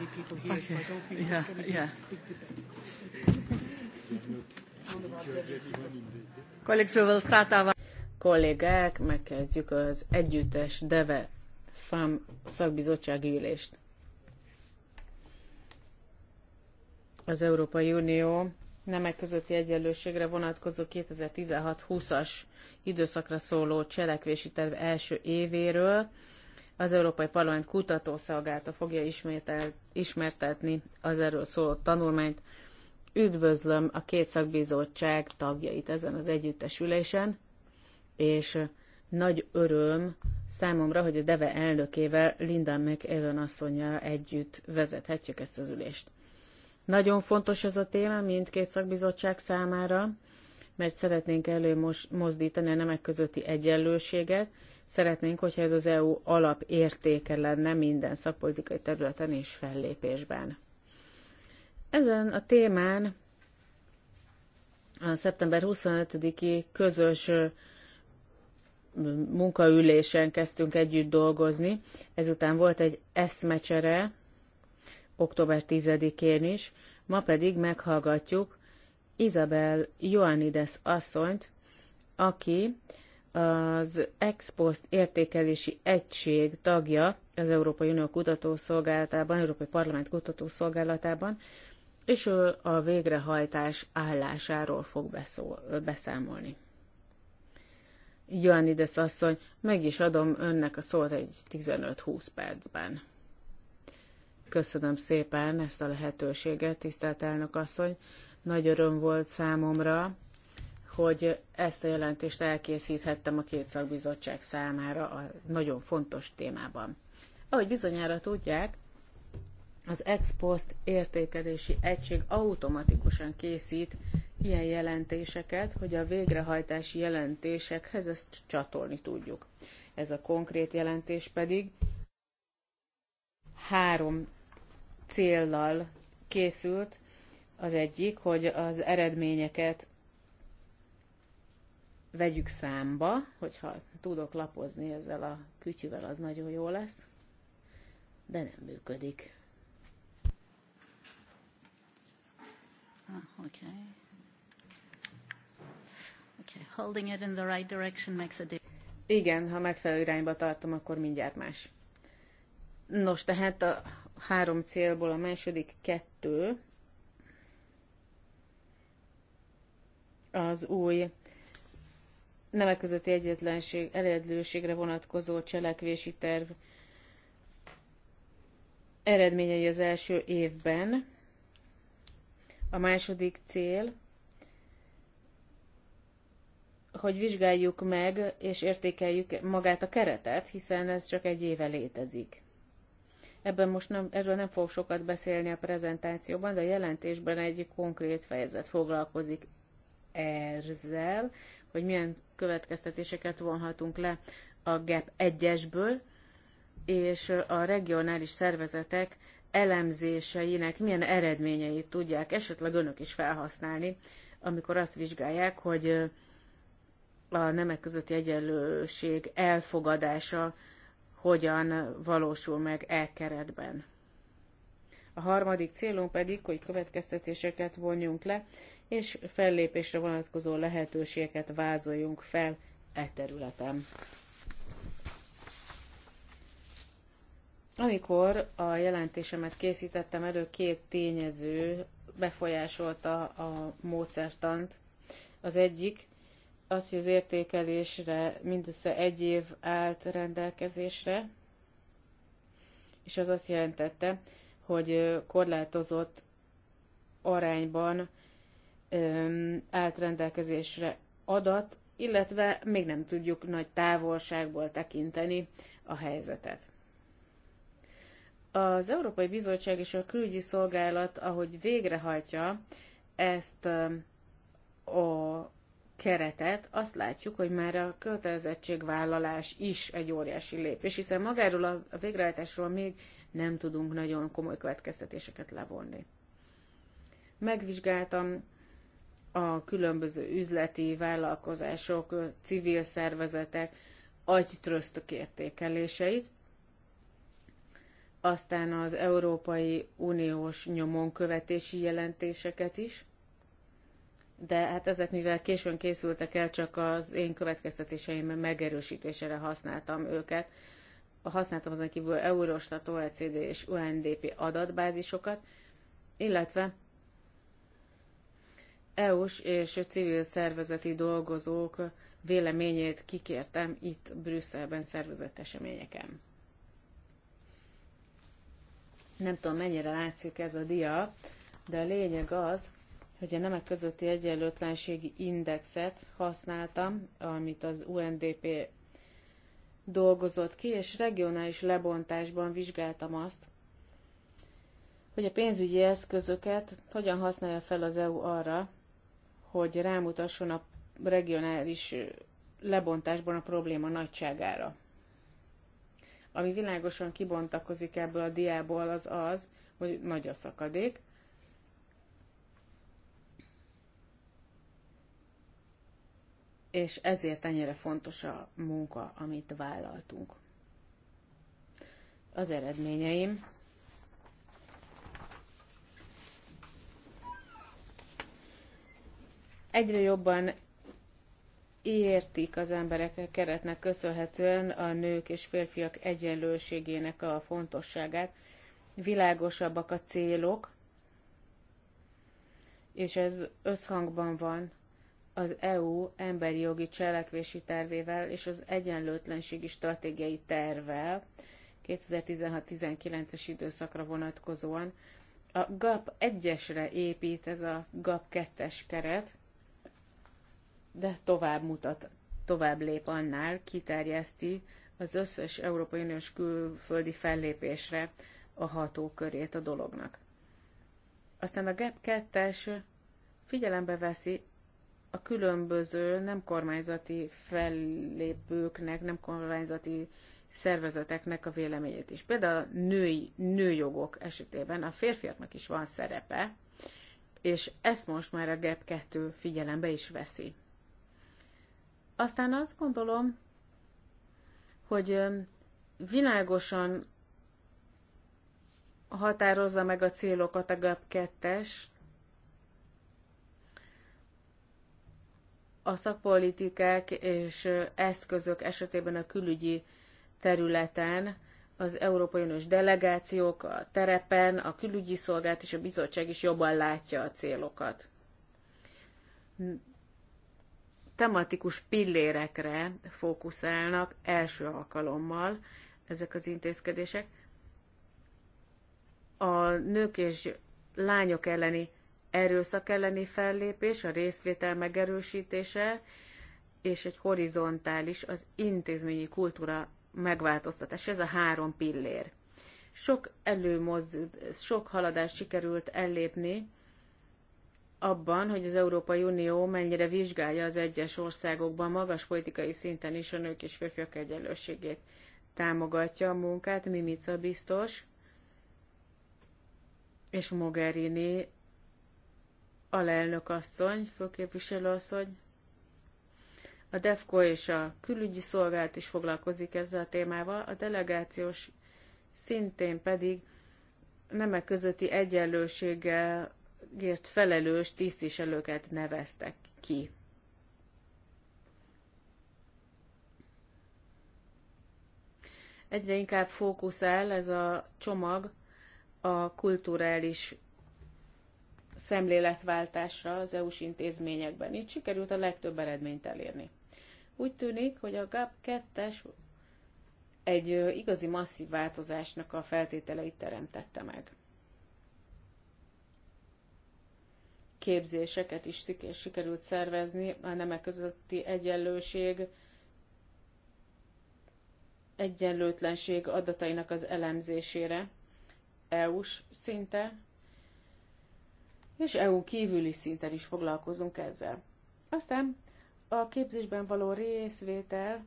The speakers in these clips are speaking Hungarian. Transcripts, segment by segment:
many people here, okay. so I don't think yeah, be yeah. Big Kollégák, megkezdjük az együttes DEVE FAM szakbizottsági ülést. Az Európai Unió nemek közötti egyenlőségre vonatkozó 2016-20-as időszakra szóló cselekvési terv első évéről, az Európai Parlament kutatószolgálata fogja ismétel, ismertetni az erről szóló tanulmányt. Üdvözlöm a két szakbizottság tagjait ezen az együttesülésen, és nagy öröm számomra, hogy a DEVE elnökével, Linda McEwen asszonyjal együtt vezethetjük ezt az ülést. Nagyon fontos ez a téma mindkét szakbizottság számára, mert szeretnénk előmozdítani a nemek közötti egyenlőséget, Szeretnénk, hogyha ez az EU alapértéke lenne minden szakpolitikai területen és fellépésben. Ezen a témán a szeptember 25-i közös munkaülésen kezdtünk együtt dolgozni. Ezután volt egy eszmecsere október 10-én is, ma pedig meghallgatjuk Isabel Ioannides asszonyt, aki az Expost értékelési egység tagja az Európai Unió kutatószolgálatában, Európai Parlament kutatószolgálatában, és ő a végrehajtás állásáról fog beszól, beszámolni. Ioannides asszony, meg is adom önnek a szót egy 15-20 percben. Köszönöm szépen ezt a lehetőséget, tisztelt elnök asszony. Nagy öröm volt számomra, hogy ezt a jelentést elkészíthettem a két szakbizottság számára a nagyon fontos témában. Ahogy bizonyára tudják, az ex post értékelési egység automatikusan készít ilyen jelentéseket, hogy a végrehajtási jelentésekhez ezt csatolni tudjuk. Ez a konkrét jelentés pedig három céllal készült. Az egyik, hogy az eredményeket vegyük számba, hogyha tudok lapozni ezzel a kütyüvel, az nagyon jó lesz, de nem működik. Ah, okay. Okay, holding it in the right direction makes a difference. Igen, ha megfelelő irányba tartom, akkor mindjárt más. Nos, tehát a három célból a második kettő az új nemek közötti egyetlenség, eredlőségre vonatkozó cselekvési terv eredményei az első évben. A második cél, hogy vizsgáljuk meg és értékeljük magát a keretet, hiszen ez csak egy éve létezik. Ebben most nem, erről nem fog sokat beszélni a prezentációban, de a jelentésben egy konkrét fejezet foglalkozik ezzel, hogy milyen következtetéseket vonhatunk le a GEP 1-esből, és a regionális szervezetek elemzéseinek milyen eredményeit tudják esetleg önök is felhasználni, amikor azt vizsgálják, hogy a nemek közötti egyenlőség elfogadása hogyan valósul meg elkeretben. A harmadik célunk pedig, hogy következtetéseket vonjunk le, és fellépésre vonatkozó lehetőségeket vázoljunk fel e területen. Amikor a jelentésemet készítettem elő, két tényező befolyásolta a módszertant. Az egyik az, hogy az értékelésre mindössze egy év állt rendelkezésre, és az azt jelentette, hogy korlátozott arányban állt rendelkezésre adat, illetve még nem tudjuk nagy távolságból tekinteni a helyzetet. Az Európai Bizottság és a Külügyi Szolgálat, ahogy végrehajtja ezt a keretet, azt látjuk, hogy már a kötelezettségvállalás is egy óriási lépés, hiszen magáról a végrehajtásról még nem tudunk nagyon komoly következtetéseket levonni. Megvizsgáltam a különböző üzleti vállalkozások, civil szervezetek agytrösztök értékeléseit, aztán az Európai Uniós nyomonkövetési jelentéseket is, de hát ezek, mivel későn készültek el, csak az én következtetéseim megerősítésére használtam őket. Használtam azon kívül Eurostat, OECD és UNDP adatbázisokat, illetve EU-s és civil szervezeti dolgozók véleményét kikértem itt Brüsszelben szervezett eseményeken. Nem tudom, mennyire látszik ez a dia, de a lényeg az, hogy a nemek közötti egyenlőtlenségi indexet használtam, amit az UNDP dolgozott ki, és regionális lebontásban vizsgáltam azt, hogy a pénzügyi eszközöket hogyan használja fel az EU arra, hogy rámutasson a regionális lebontásban a probléma nagyságára. Ami világosan kibontakozik ebből a diából az az, hogy nagy a szakadék, és ezért ennyire fontos a munka, amit vállaltunk. Az eredményeim Egyre jobban értik az emberek a keretnek köszönhetően a nők és férfiak egyenlőségének a fontosságát, világosabbak a célok, és ez összhangban van az EU emberi jogi cselekvési tervével és az egyenlőtlenségi stratégiai tervvel 2016-19-es időszakra vonatkozóan. A GAP 1-esre épít ez a GAP 2-es keret, de tovább mutat, tovább lép annál, kiterjeszti az összes Európai Uniós külföldi fellépésre a hatókörét a dolognak. Aztán a GAP e 2-es figyelembe veszi a különböző nem kormányzati fellépőknek, nem kormányzati szervezeteknek a véleményét is. Például a női, nőjogok esetében a férfiaknak is van szerepe, és ezt most már a GEP 2 figyelembe is veszi. Aztán azt gondolom, hogy világosan határozza meg a célokat a GAP 2 a szakpolitikák és eszközök esetében a külügyi területen, az Európai Uniós delegációk a terepen, a külügyi szolgált és a bizottság is jobban látja a célokat tematikus pillérekre fókuszálnak első alkalommal ezek az intézkedések. A nők és lányok elleni erőszak elleni fellépés, a részvétel megerősítése, és egy horizontális, az intézményi kultúra megváltoztatás. Ez a három pillér. Sok előmozd, sok haladást sikerült ellépni, abban, hogy az Európai Unió mennyire vizsgálja az egyes országokban magas politikai szinten is a nők és férfiak egyenlőségét. Támogatja a munkát Mimica biztos, és Mogherini alelnök asszony, főképviselő asszony. A DEFCO és a külügyi szolgált is foglalkozik ezzel a témával, a delegációs szintén pedig nemek közötti egyenlőséggel ért felelős tisztviselőket neveztek ki. Egyre inkább fókuszál ez a csomag a kulturális szemléletváltásra az EU-s intézményekben. Itt sikerült a legtöbb eredményt elérni. Úgy tűnik, hogy a GAP 2-es egy igazi masszív változásnak a feltételeit teremtette meg. képzéseket is sikerült szervezni, a nemek közötti egyenlőség, egyenlőtlenség adatainak az elemzésére, EU-s szinte, és EU kívüli szinten is foglalkozunk ezzel. Aztán a képzésben való részvétel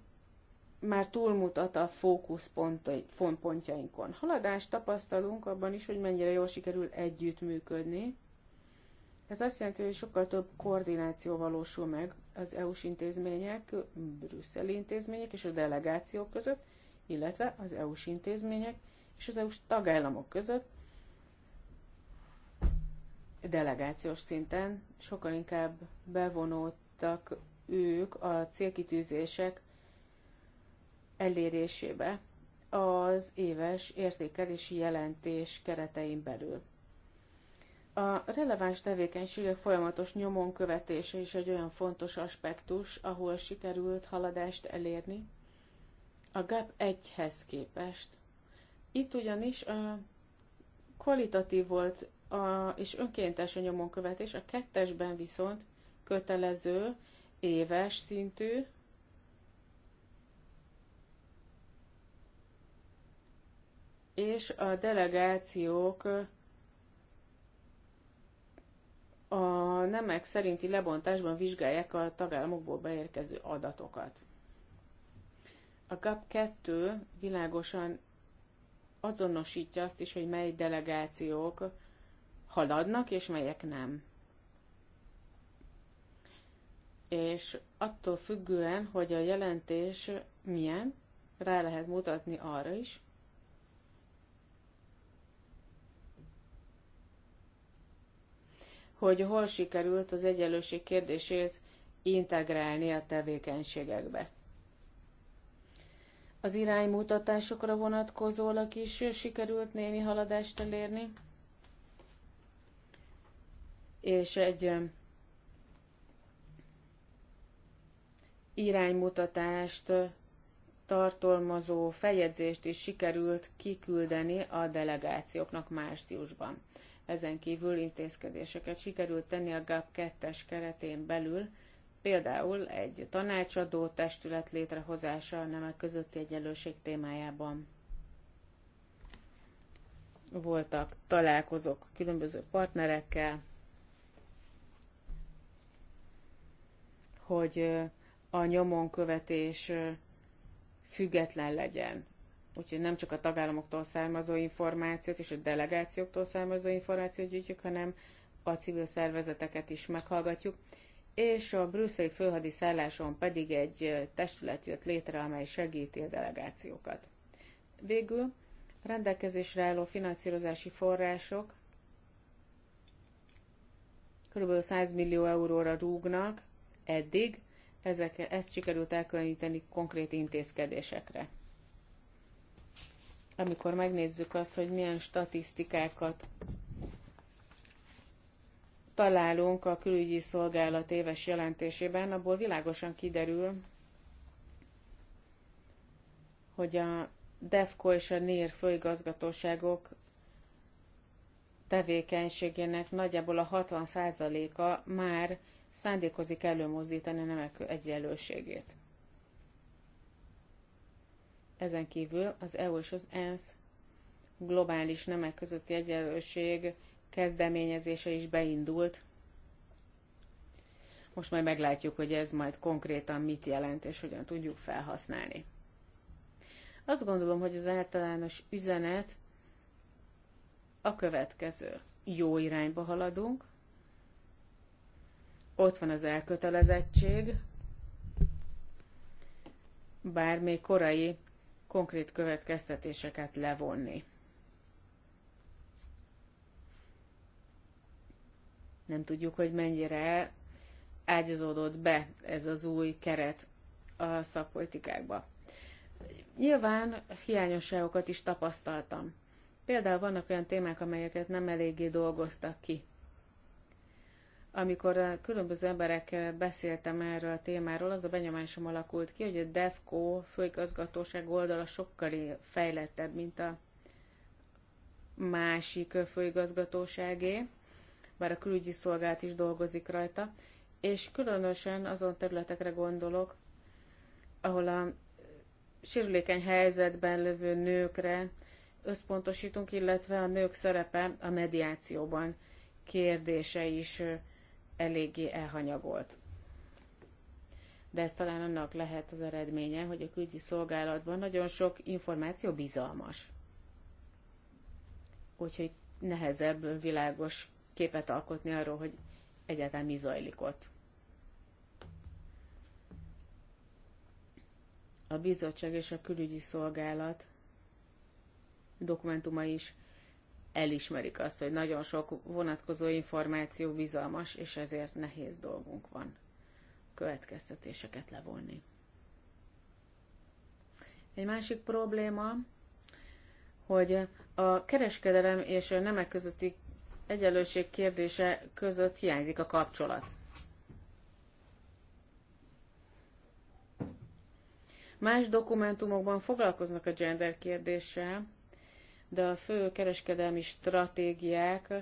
már túlmutat a fókuszpontjainkon. Haladást tapasztalunk abban is, hogy mennyire jól sikerül együttműködni ez azt jelenti, hogy sokkal több koordináció valósul meg az EU-s intézmények, brüsszeli intézmények és a delegációk között, illetve az EU-s intézmények és az EU-s tagállamok között, delegációs szinten sokkal inkább bevonódtak ők a célkitűzések elérésébe az éves értékelési jelentés keretein belül. A releváns tevékenységek folyamatos nyomon követése is egy olyan fontos aspektus, ahol sikerült haladást elérni. A GAP 1-hez képest. Itt ugyanis a kvalitatív volt a, és önkéntes a nyomon követés, a kettesben viszont kötelező, éves szintű, és a delegációk nemek szerinti lebontásban vizsgálják a tagállamokból beérkező adatokat. A GAP2 világosan azonosítja azt is, hogy mely delegációk haladnak, és melyek nem. És attól függően, hogy a jelentés milyen, rá lehet mutatni arra is, hogy hol sikerült az egyenlőség kérdését integrálni a tevékenységekbe. Az iránymutatásokra vonatkozólag is sikerült némi haladást elérni, és egy iránymutatást tartalmazó feljegyzést is sikerült kiküldeni a delegációknak márciusban. Ezen kívül intézkedéseket sikerült tenni a GAP 2-es keretén belül, például egy tanácsadó testület létrehozása a nemek közötti egyenlőség témájában. Voltak találkozók különböző partnerekkel, hogy a nyomon követés független legyen úgyhogy nem csak a tagállamoktól származó információt és a delegációktól származó információt gyűjtjük, hanem a civil szervezeteket is meghallgatjuk. És a brüsszeli főhadiszálláson pedig egy testület jött létre, amely segíti a delegációkat. Végül rendelkezésre álló finanszírozási források kb. 100 millió euróra rúgnak eddig, ezek, ezt sikerült elkülöníteni konkrét intézkedésekre amikor megnézzük azt, hogy milyen statisztikákat találunk a külügyi szolgálat éves jelentésében, abból világosan kiderül, hogy a DEFCO és a NIR főigazgatóságok tevékenységének nagyjából a 60%-a már szándékozik előmozdítani a nemek egyenlőségét. Ezen kívül az EU és az ENSZ globális nemek közötti egyenlőség kezdeményezése is beindult. Most majd meglátjuk, hogy ez majd konkrétan mit jelent, és hogyan tudjuk felhasználni. Azt gondolom, hogy az általános üzenet a következő. Jó irányba haladunk, ott van az elkötelezettség, bár még korai konkrét következtetéseket levonni. Nem tudjuk, hogy mennyire ágyazódott be ez az új keret a szakpolitikákba. Nyilván hiányosságokat is tapasztaltam. Például vannak olyan témák, amelyeket nem eléggé dolgoztak ki. Amikor a eh, különböző emberekkel eh, beszéltem erről a témáról, az a benyomásom alakult ki, hogy a DEFCO főigazgatóság oldala sokkal fejlettebb, mint a másik eh, főigazgatóságé, bár a külügyi szolgált is dolgozik rajta, és különösen azon területekre gondolok, ahol a sérülékeny helyzetben lévő nőkre összpontosítunk, illetve a nők szerepe a mediációban kérdése is eléggé elhanyagolt. De ez talán annak lehet az eredménye, hogy a külügyi szolgálatban nagyon sok információ bizalmas. Úgyhogy nehezebb világos képet alkotni arról, hogy egyáltalán mi zajlik ott. A bizottság és a külügyi szolgálat dokumentuma is elismerik azt, hogy nagyon sok vonatkozó információ bizalmas, és ezért nehéz dolgunk van következtetéseket levonni. Egy másik probléma, hogy a kereskedelem és a nemek közötti egyenlőség kérdése között hiányzik a kapcsolat. Más dokumentumokban foglalkoznak a gender kérdéssel, de a fő kereskedelmi stratégiák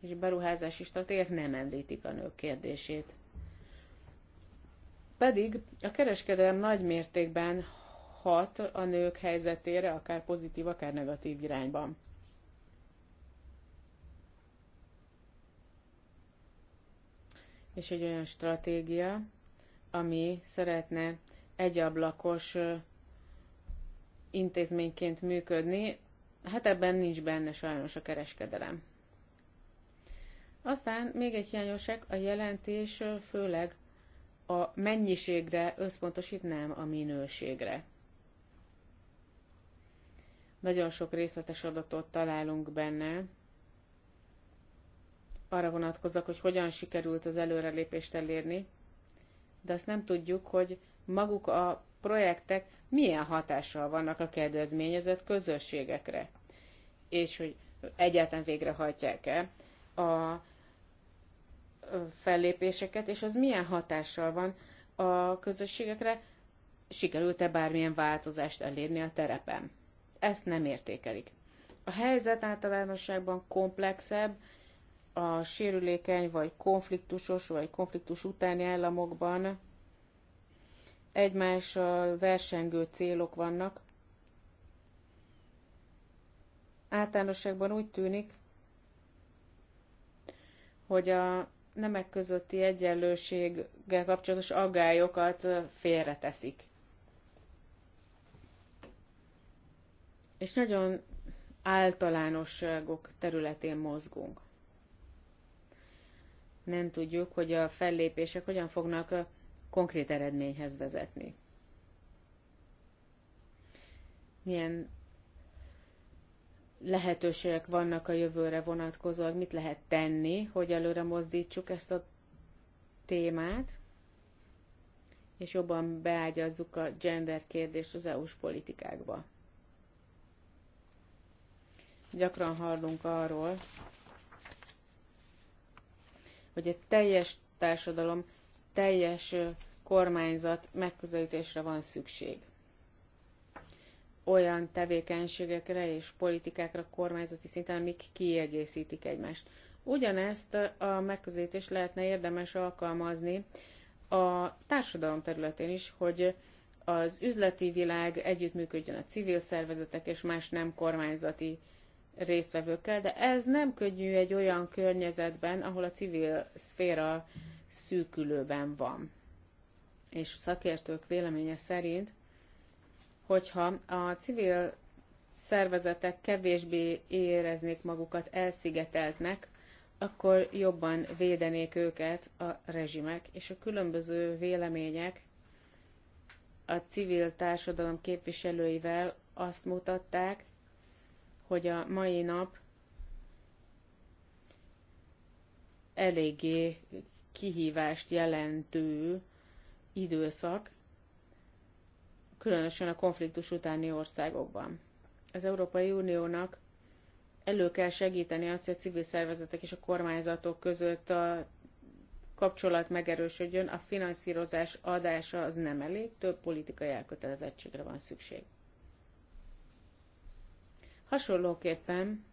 és beruházási stratégiák nem említik a nők kérdését. Pedig a kereskedelem nagy mértékben hat a nők helyzetére, akár pozitív, akár negatív irányban. És egy olyan stratégia, ami szeretne egyablakos intézményként működni, Hát ebben nincs benne sajnos a kereskedelem. Aztán még egy hiányosság, a jelentés főleg a mennyiségre összpontosít, nem a minőségre. Nagyon sok részletes adatot találunk benne, arra vonatkozok, hogy hogyan sikerült az előrelépést elérni, de azt nem tudjuk, hogy maguk a projektek milyen hatással vannak a kedvezményezett közösségekre, és hogy egyáltalán végrehajtják-e a fellépéseket, és az milyen hatással van a közösségekre, sikerült-e bármilyen változást elérni a terepen. Ezt nem értékelik. A helyzet általánosságban komplexebb, a sérülékeny, vagy konfliktusos, vagy konfliktus utáni államokban egymással versengő célok vannak. Általánosságban úgy tűnik, hogy a nemek közötti egyenlőséggel kapcsolatos aggályokat félreteszik. És nagyon általánosságok területén mozgunk. Nem tudjuk, hogy a fellépések hogyan fognak konkrét eredményhez vezetni. Milyen lehetőségek vannak a jövőre vonatkozóan, mit lehet tenni, hogy előre mozdítsuk ezt a témát, és jobban beágyazzuk a gender kérdést az EU-s politikákba. Gyakran hallunk arról, hogy egy teljes társadalom teljes kormányzat megközelítésre van szükség. Olyan tevékenységekre és politikákra kormányzati szinten, amik kiegészítik egymást. Ugyanezt a megközelítést lehetne érdemes alkalmazni a társadalom területén is, hogy az üzleti világ együttműködjön a civil szervezetek és más nem kormányzati résztvevőkkel, de ez nem könnyű egy olyan környezetben, ahol a civil szféra szűkülőben van. És szakértők véleménye szerint, hogyha a civil szervezetek kevésbé éreznék magukat elszigeteltnek, akkor jobban védenék őket a rezsimek, és a különböző vélemények a civil társadalom képviselőivel azt mutatták, hogy a mai nap eléggé kihívást jelentő időszak, különösen a konfliktus utáni országokban. Az Európai Uniónak elő kell segíteni azt, hogy a civil szervezetek és a kormányzatok között a kapcsolat megerősödjön, a finanszírozás adása az nem elég, több politikai elkötelezettségre van szükség. Hasonlóképpen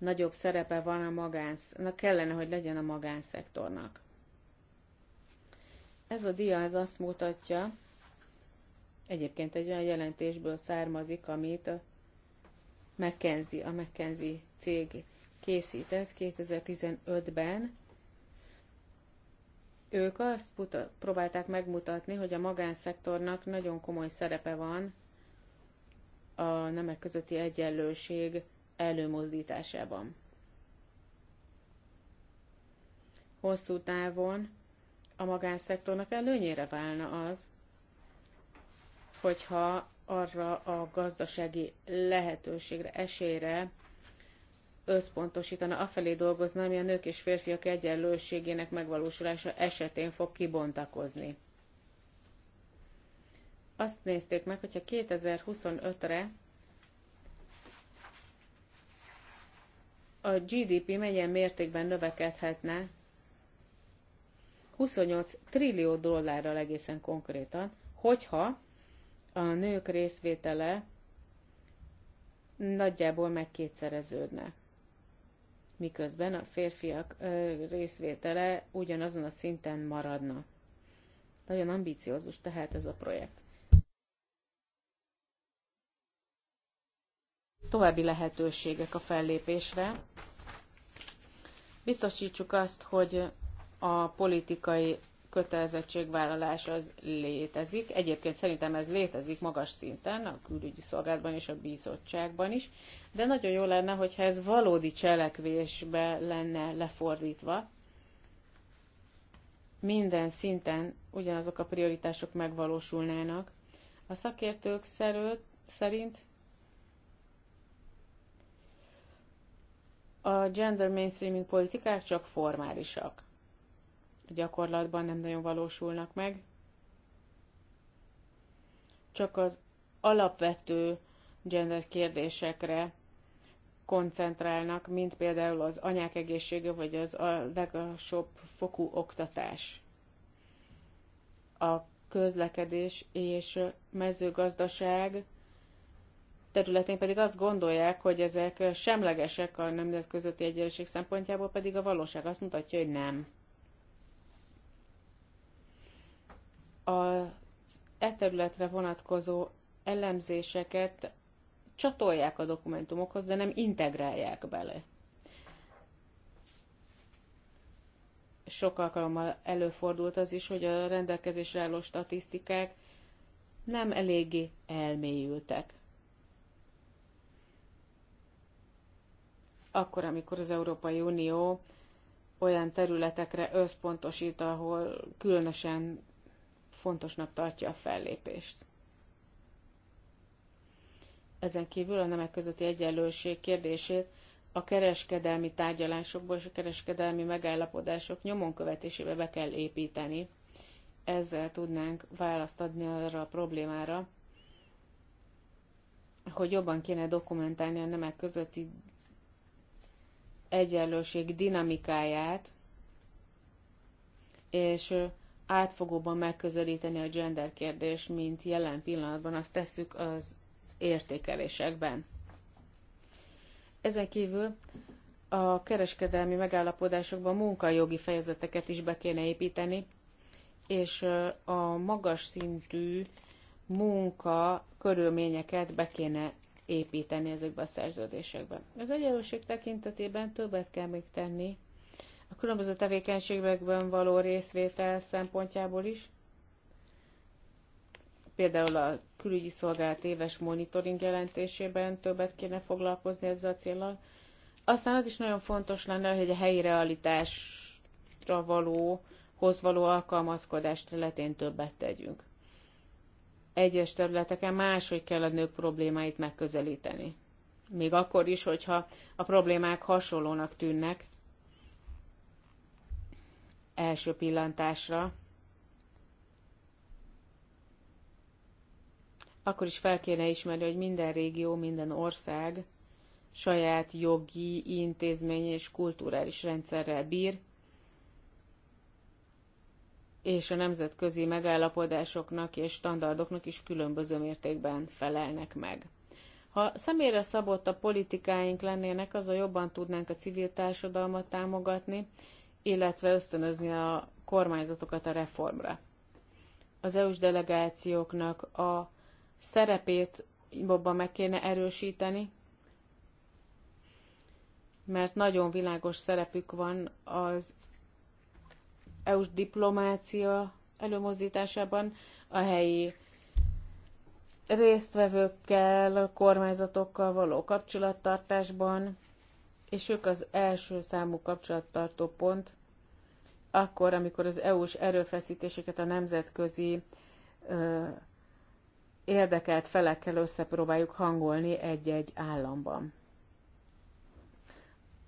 nagyobb szerepe van a magánsz, na kellene, hogy legyen a magánszektornak. Ez a dia az azt mutatja, egyébként egy olyan jelentésből származik, amit a McKenzie, a McKenzie cég készített 2015-ben. Ők azt puta, próbálták megmutatni, hogy a magánszektornak nagyon komoly szerepe van a nemek közötti egyenlőség előmozdításában. Hosszú távon a magánszektornak előnyére válna az, hogyha arra a gazdasági lehetőségre, esélyre összpontosítana, afelé dolgozna, ami a nők és férfiak egyenlőségének megvalósulása esetén fog kibontakozni. Azt nézték meg, hogyha 2025-re a GDP milyen mértékben növekedhetne 28 trillió dollárral egészen konkrétan, hogyha a nők részvétele nagyjából megkétszereződne. Miközben a férfiak részvétele ugyanazon a szinten maradna. Nagyon ambiciózus tehát ez a projekt. további lehetőségek a fellépésre. Biztosítsuk azt, hogy a politikai kötelezettségvállalás az létezik. Egyébként szerintem ez létezik magas szinten, a külügyi szolgálatban és a bizottságban is, de nagyon jó lenne, hogyha ez valódi cselekvésbe lenne lefordítva. Minden szinten ugyanazok a prioritások megvalósulnának. A szakértők szerint a gender mainstreaming politikák csak formálisak. Gyakorlatban nem nagyon valósulnak meg. Csak az alapvető gender kérdésekre koncentrálnak, mint például az anyák egészsége, vagy az a legalsóbb fokú oktatás. A közlekedés és mezőgazdaság területén pedig azt gondolják, hogy ezek semlegesek a nemzetközi egyenlőség szempontjából, pedig a valóság azt mutatja, hogy nem. Az e területre vonatkozó elemzéseket csatolják a dokumentumokhoz, de nem integrálják bele. Sok alkalommal előfordult az is, hogy a rendelkezésre álló statisztikák nem eléggé elmélyültek akkor, amikor az Európai Unió olyan területekre összpontosít, ahol különösen fontosnak tartja a fellépést. Ezen kívül a nemek közötti egyenlőség kérdését a kereskedelmi tárgyalásokból és a kereskedelmi megállapodások nyomon követésébe be kell építeni. Ezzel tudnánk választ adni arra a problémára, hogy jobban kéne dokumentálni a nemek közötti egyenlőség dinamikáját, és átfogóban megközelíteni a gender kérdés, mint jelen pillanatban azt tesszük az értékelésekben. Ezen kívül a kereskedelmi megállapodásokban munkajogi fejezeteket is be kéne építeni, és a magas szintű munka körülményeket be kéne építeni ezekbe a szerződésekbe. Az egyenlőség tekintetében többet kell még tenni a különböző tevékenységekben való részvétel szempontjából is, például a külügyi szolgálat éves monitoring jelentésében többet kéne foglalkozni ezzel a célral. Aztán az is nagyon fontos lenne, hogy a helyi realitásra való, hoz való alkalmazkodást területén többet tegyünk egyes területeken máshogy kell a nők problémáit megközelíteni. Még akkor is, hogyha a problémák hasonlónak tűnnek első pillantásra, akkor is fel kéne ismerni, hogy minden régió, minden ország saját jogi, intézmény és kulturális rendszerrel bír, és a nemzetközi megállapodásoknak és standardoknak is különböző mértékben felelnek meg. Ha személyre szabott a politikáink lennének, azzal jobban tudnánk a civil társadalmat támogatni, illetve ösztönözni a kormányzatokat a reformra. Az EU-s delegációknak a szerepét jobban meg kéne erősíteni, mert nagyon világos szerepük van az EU-s diplomácia előmozdításában a helyi résztvevőkkel, kormányzatokkal való kapcsolattartásban, és ők az első számú kapcsolattartó pont, akkor, amikor az EU-s erőfeszítéseket a nemzetközi ö, érdekelt felekkel összepróbáljuk hangolni egy-egy államban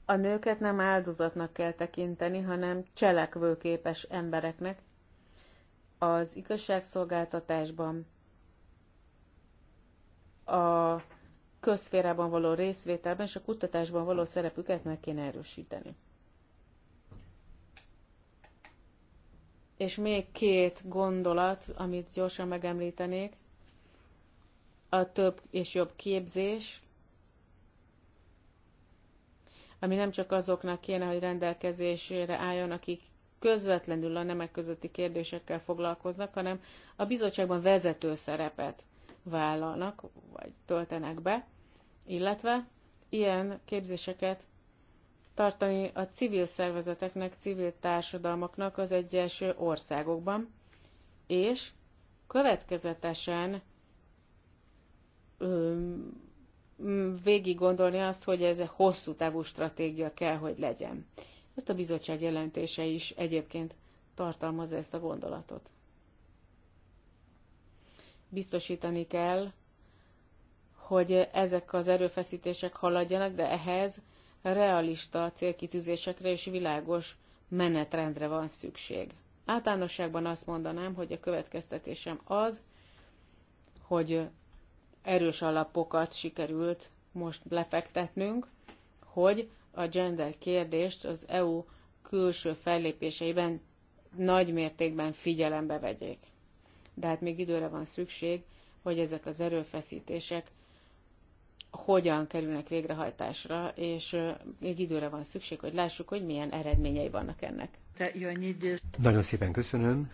a nőket nem áldozatnak kell tekinteni, hanem cselekvőképes embereknek az igazságszolgáltatásban, a közférában való részvételben és a kutatásban való szerepüket meg kéne erősíteni. És még két gondolat, amit gyorsan megemlítenék. A több és jobb képzés, ami nem csak azoknak kéne, hogy rendelkezésére álljon, akik közvetlenül a nemek közötti kérdésekkel foglalkoznak, hanem a bizottságban vezető szerepet vállalnak, vagy töltenek be, illetve ilyen képzéseket tartani a civil szervezeteknek, civil társadalmaknak az egyes országokban, és következetesen öm, Mm, végig gondolni azt, hogy ez egy hosszú távú stratégia kell, hogy legyen. Ezt a bizottság jelentése is egyébként tartalmazza ezt a gondolatot. Biztosítani kell, hogy ezek az erőfeszítések haladjanak, de ehhez realista célkitűzésekre és világos menetrendre van szükség. Általánosságban azt mondanám, hogy a következtetésem az, hogy erős alapokat sikerült most lefektetnünk, hogy a gender kérdést az EU külső fellépéseiben nagy mértékben figyelembe vegyék. De hát még időre van szükség, hogy ezek az erőfeszítések hogyan kerülnek végrehajtásra, és még időre van szükség, hogy lássuk, hogy milyen eredményei vannak ennek. Nagyon szépen köszönöm.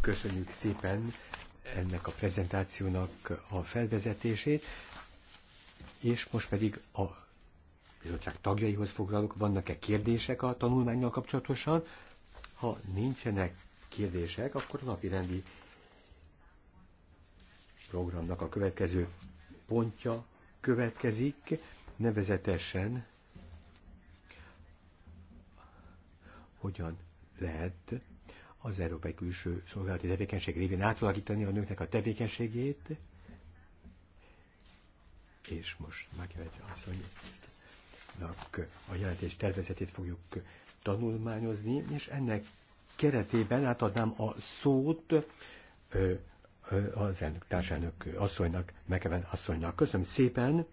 Köszönjük szépen ennek a prezentációnak a felvezetését, és most pedig a bizottság tagjaihoz foglalok, vannak-e kérdések a tanulmányjal kapcsolatosan? Ha nincsenek kérdések, akkor a napi rendi programnak a következő pontja következik, nevezetesen hogyan lehet az Európai Külső Szolgálati Tevékenység révén átalakítani a nőknek a tevékenységét, és most az asszonynak a jelentés tervezetét fogjuk tanulmányozni, és ennek keretében átadnám a szót ö, ö, az elnök, társelnök asszonynak, Mekeven asszonynak. Köszönöm szépen,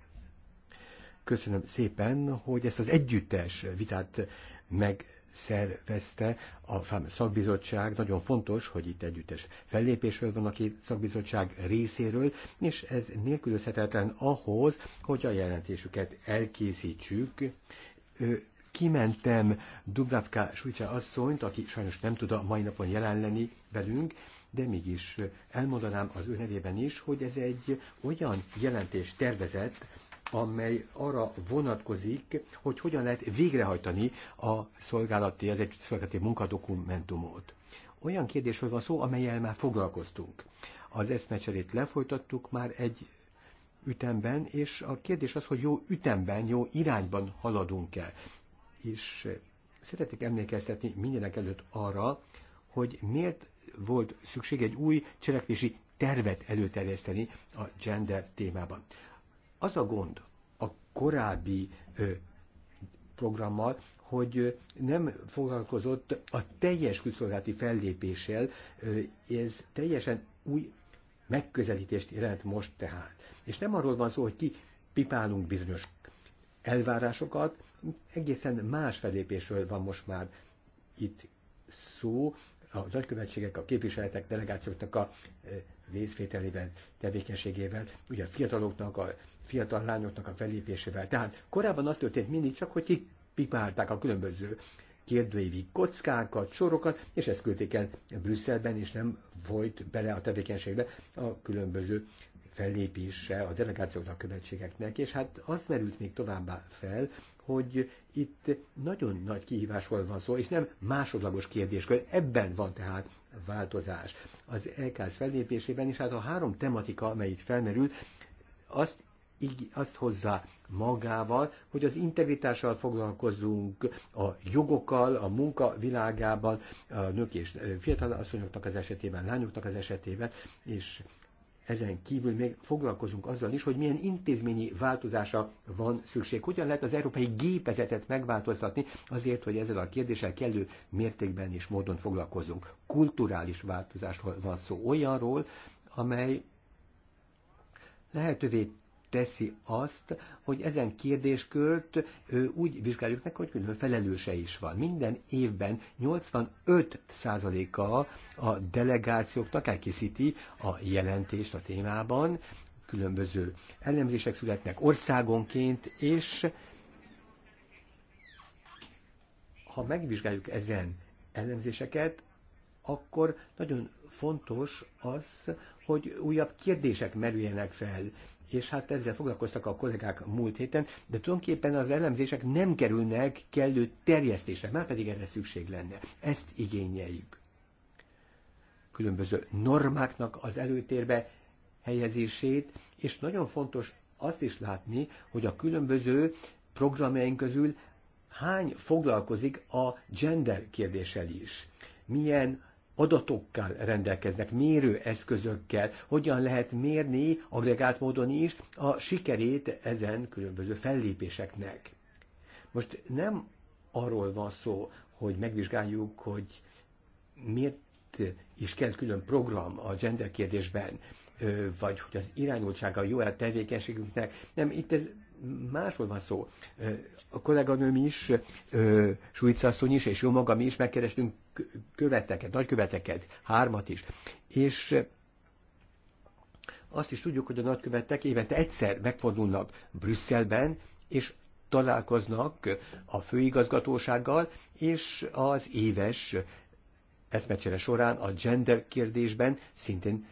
köszönöm szépen, hogy ezt az együttes vitát meg szervezte a szakbizottság. Nagyon fontos, hogy itt együttes fellépésről van a két szakbizottság részéről, és ez nélkülözhetetlen ahhoz, hogy a jelentésüket elkészítsük. Kimentem Dubravka Sujca asszonyt, aki sajnos nem tud a mai napon jelen lenni velünk, de mégis elmondanám az ő nevében is, hogy ez egy olyan jelentés tervezett, amely arra vonatkozik, hogy hogyan lehet végrehajtani a szolgálati, az egy szolgálati munkadokumentumot. Olyan kérdésről van szó, amelyel már foglalkoztunk. Az eszmecserét lefolytattuk már egy ütemben, és a kérdés az, hogy jó ütemben, jó irányban haladunk el. És szeretnék emlékeztetni mindenek előtt arra, hogy miért volt szükség egy új cselekvési tervet előterjeszteni a gender témában. Az a gond a korábbi ö, programmal, hogy nem foglalkozott a teljes külszolgálati fellépéssel, ez teljesen új megközelítést jelent most tehát. És nem arról van szó, hogy ki pipálunk bizonyos elvárásokat, egészen más fellépésről van most már itt szó, a nagykövetségek, a képviseletek, delegációknak a részvételében, tevékenységével, ugye a fiataloknak, a fiatal lányoknak a felépésével. Tehát korábban az történt mindig csak, hogy kipipálták a különböző kérdőívi kockákat, sorokat, és ezt küldték el Brüsszelben, és nem volt bele a tevékenységbe a különböző fellépése a delegációknak, a követségeknek, és hát az merült még továbbá fel, hogy itt nagyon nagy kihívásról van szó, és nem másodlagos kérdéskör, ebben van tehát változás. Az LKS fellépésében is hát a három tematika, amely itt felmerül, azt így azt hozzá magával, hogy az integritással foglalkozunk, a jogokkal, a munka világában, a nők és fiatal asszonyoknak az esetében, lányoknak az esetében, és ezen kívül még foglalkozunk azzal is, hogy milyen intézményi változása van szükség. Hogyan lehet az európai gépezetet megváltoztatni azért, hogy ezzel a kérdéssel kellő mértékben és módon foglalkozunk. Kulturális változásról van szó olyanról, amely lehetővé teszi azt, hogy ezen kérdéskört úgy vizsgáljuk meg, hogy külön felelőse is van. Minden évben 85%-a a delegációknak elkészíti a jelentést a témában, különböző ellenzések születnek országonként, és ha megvizsgáljuk ezen ellenzéseket, akkor nagyon fontos az, hogy újabb kérdések merüljenek fel, és hát ezzel foglalkoztak a kollégák múlt héten, de tulajdonképpen az elemzések nem kerülnek kellő terjesztésre, már pedig erre szükség lenne. Ezt igényeljük. Különböző normáknak az előtérbe helyezését, és nagyon fontos azt is látni, hogy a különböző programjaink közül hány foglalkozik a gender kérdéssel is. Milyen adatokkal rendelkeznek, mérőeszközökkel, hogyan lehet mérni agregált módon is a sikerét ezen különböző fellépéseknek. Most nem arról van szó, hogy megvizsgáljuk, hogy miért is kell külön program a gender kérdésben, vagy hogy az irányultsága jó a tevékenységünknek. Nem, itt ez másról van szó. A kolléganőm is, Suicasszony is, és jó magam is megkerestünk követeket, nagyköveteket, hármat is. És eh, azt is tudjuk, hogy a nagykövetek évente egyszer megfordulnak Brüsszelben, és találkoznak a főigazgatósággal, és az éves eszmecsere során a gender kérdésben szintén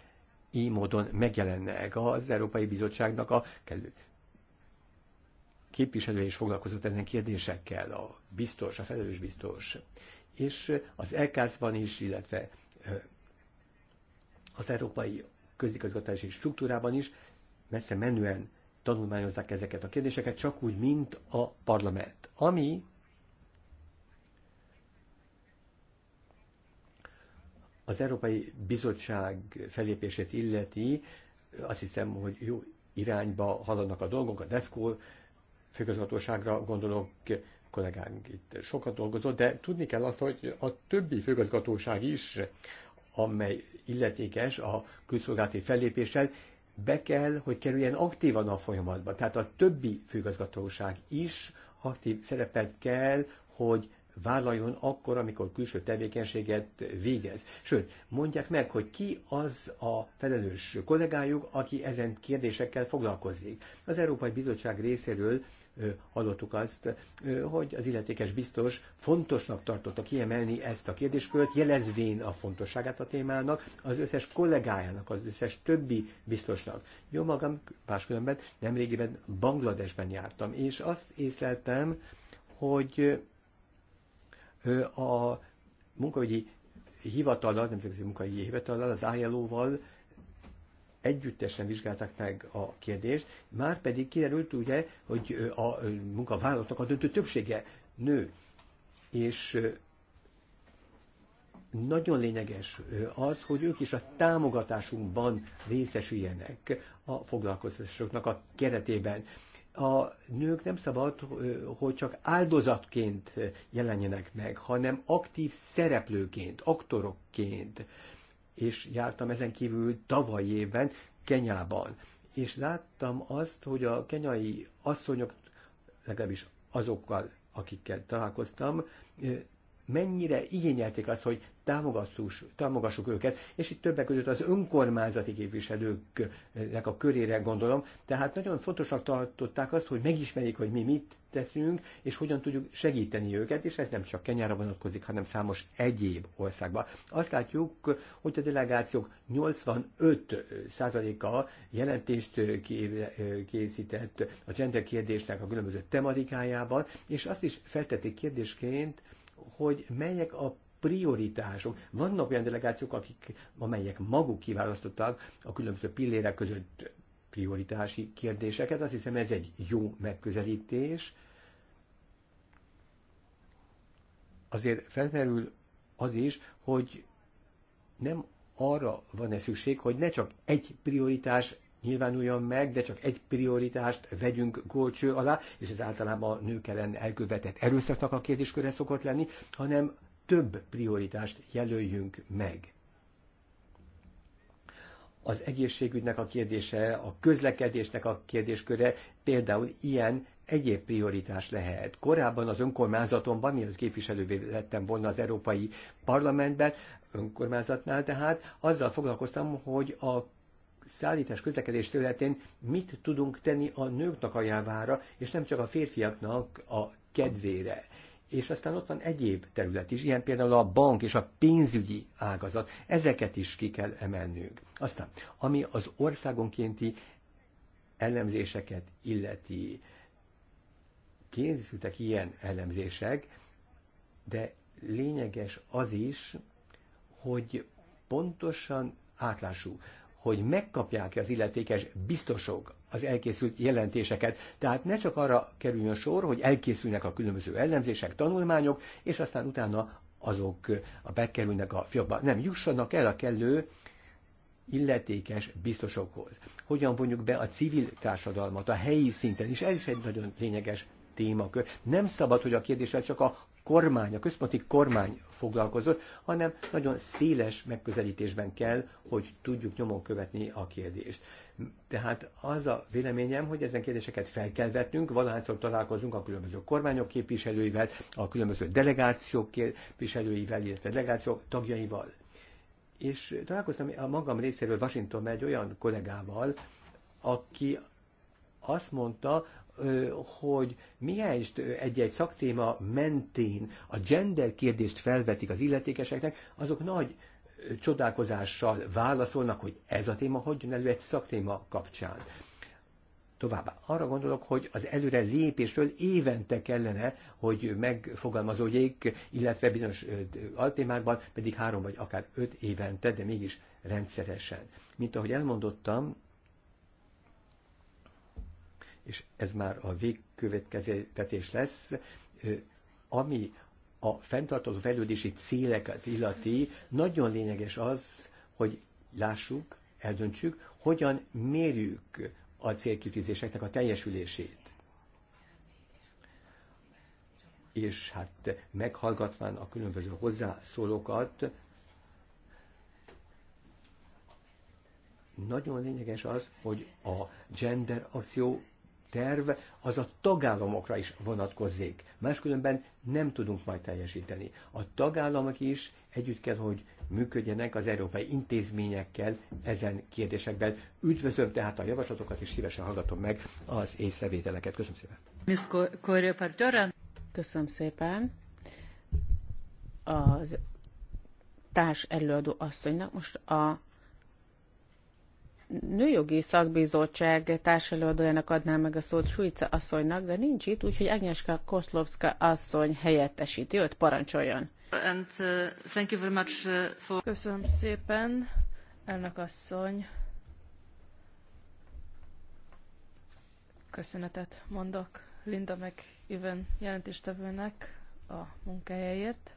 így módon megjelennek az Európai Bizottságnak a képviselői is foglalkozott ezen kérdésekkel, a biztos, a felelős biztos és az EKSZ-ban is, illetve az európai közigazgatási struktúrában is messze menően tanulmányozzák ezeket a kérdéseket, csak úgy, mint a parlament. Ami az Európai Bizottság felépését illeti, azt hiszem, hogy jó irányba haladnak a dolgok, a DEFCO főközgatóságra gondolok, kollégánk itt sokat dolgozott, de tudni kell azt, hogy a többi főgazgatóság is, amely illetékes a közszolgálati fellépéssel, be kell, hogy kerüljen aktívan a folyamatba. Tehát a többi főgazgatóság is aktív szerepet kell, hogy vállaljon akkor, amikor külső tevékenységet végez. Sőt, mondják meg, hogy ki az a felelős kollégájuk, aki ezen kérdésekkel foglalkozik. Az Európai Bizottság részéről hallottuk azt, hogy az illetékes biztos fontosnak tartotta kiemelni ezt a kérdéskört, jelezvén a fontosságát a témának, az összes kollégájának, az összes többi biztosnak. Jó magam, máskülönben nemrégiben Bangladesben jártam, és azt észleltem, hogy a munkavügyi hivatallal, nemzetközi munkahogyi hivatallal, az ILO-val együttesen vizsgálták meg a kérdést, már pedig kiderült ugye, hogy a munkavállalatok a döntő többsége nő. És nagyon lényeges az, hogy ők is a támogatásunkban részesüljenek a foglalkoztatásoknak a keretében. A nők nem szabad, hogy csak áldozatként jelenjenek meg, hanem aktív szereplőként, aktorokként és jártam ezen kívül tavaly évben Kenyában. És láttam azt, hogy a kenyai asszonyok, legalábbis azokkal, akikkel találkoztam, mennyire igényelték azt, hogy támogassuk őket, és itt többek között az önkormányzati képviselőknek a körére gondolom, tehát nagyon fontosnak tartották azt, hogy megismerjék, hogy mi mit teszünk, és hogyan tudjuk segíteni őket, és ez nem csak Kenyára vonatkozik, hanem számos egyéb országban. Azt látjuk, hogy a delegációk 85%-a jelentést készített a gender kérdésnek a különböző tematikájában, és azt is feltették kérdésként, hogy melyek a prioritások. Vannak olyan delegációk, akik, amelyek maguk kiválasztották a különböző pillérek között prioritási kérdéseket. Azt hiszem ez egy jó megközelítés. Azért felmerül az is, hogy nem arra van-e szükség, hogy ne csak egy prioritás nyilvánuljon meg, de csak egy prioritást vegyünk gólcső alá, és ez általában a nők ellen elkövetett erőszaknak a kérdésköre szokott lenni, hanem több prioritást jelöljünk meg az egészségügynek a kérdése, a közlekedésnek a kérdésköre például ilyen egyéb prioritás lehet. Korábban az önkormányzatomban, mielőtt képviselővé lettem volna az Európai Parlamentben, önkormányzatnál tehát, azzal foglalkoztam, hogy a szállítás közlekedés területén mit tudunk tenni a nőknek a javára, és nem csak a férfiaknak a kedvére. És aztán ott van egyéb terület is, ilyen például a bank és a pénzügyi ágazat. Ezeket is ki kell emelnünk. Aztán, ami az országonkénti elemzéseket illeti, készültek ilyen elemzések, de lényeges az is, hogy pontosan átlássuk, hogy megkapják az illetékes biztosok az elkészült jelentéseket. Tehát ne csak arra kerüljön sor, hogy elkészülnek a különböző ellenzések, tanulmányok, és aztán utána azok a bekerülnek a fiakba. Nem, jussanak el a kellő illetékes biztosokhoz. Hogyan vonjuk be a civil társadalmat a helyi szinten, és ez is egy nagyon lényeges témakör. Nem szabad, hogy a kérdéssel csak a kormány, a központi kormány foglalkozott, hanem nagyon széles megközelítésben kell, hogy tudjuk nyomon követni a kérdést. Tehát az a véleményem, hogy ezen kérdéseket fel kell vetnünk, valahányszor találkozunk a különböző kormányok képviselőivel, a különböző delegációk képviselőivel, illetve delegációk tagjaival. És találkoztam a magam részéről Washington egy olyan kollégával, aki azt mondta, hogy miért egy-egy szaktéma mentén a gender kérdést felvetik az illetékeseknek, azok nagy csodálkozással válaszolnak, hogy ez a téma hogy jön elő egy szaktéma kapcsán. Továbbá arra gondolok, hogy az előre lépésről évente kellene, hogy megfogalmazódjék, illetve bizonyos altémákban pedig három vagy akár öt évente, de mégis rendszeresen. Mint ahogy elmondottam, és ez már a végkövetkeztetés lesz, ami a fenntartható fejlődési céleket illeti, nagyon lényeges az, hogy lássuk, eldöntsük, hogyan mérjük a célkitűzéseknek a teljesülését. És hát meghallgatván a különböző hozzászólókat, nagyon lényeges az, hogy a gender akció terv az a tagállamokra is vonatkozzék. Máskülönben nem tudunk majd teljesíteni. A tagállamok is együtt kell, hogy működjenek az európai intézményekkel ezen kérdésekben. Üdvözlöm tehát a javaslatokat, és szívesen hallgatom meg az észrevételeket. Köszönöm szépen. Köszönöm szépen. Az társ előadó asszonynak most a nőjogi szakbizottság társelőadójának adná meg a szót Suica asszonynak, de nincs itt, úgyhogy Agnieszka Koszlovska asszony helyettesíti, őt parancsoljon. And, uh, thank you very much uh, for... Köszönöm szépen, elnök asszony. Köszönetet mondok Linda meg Iven jelentéstevőnek a munkájáért.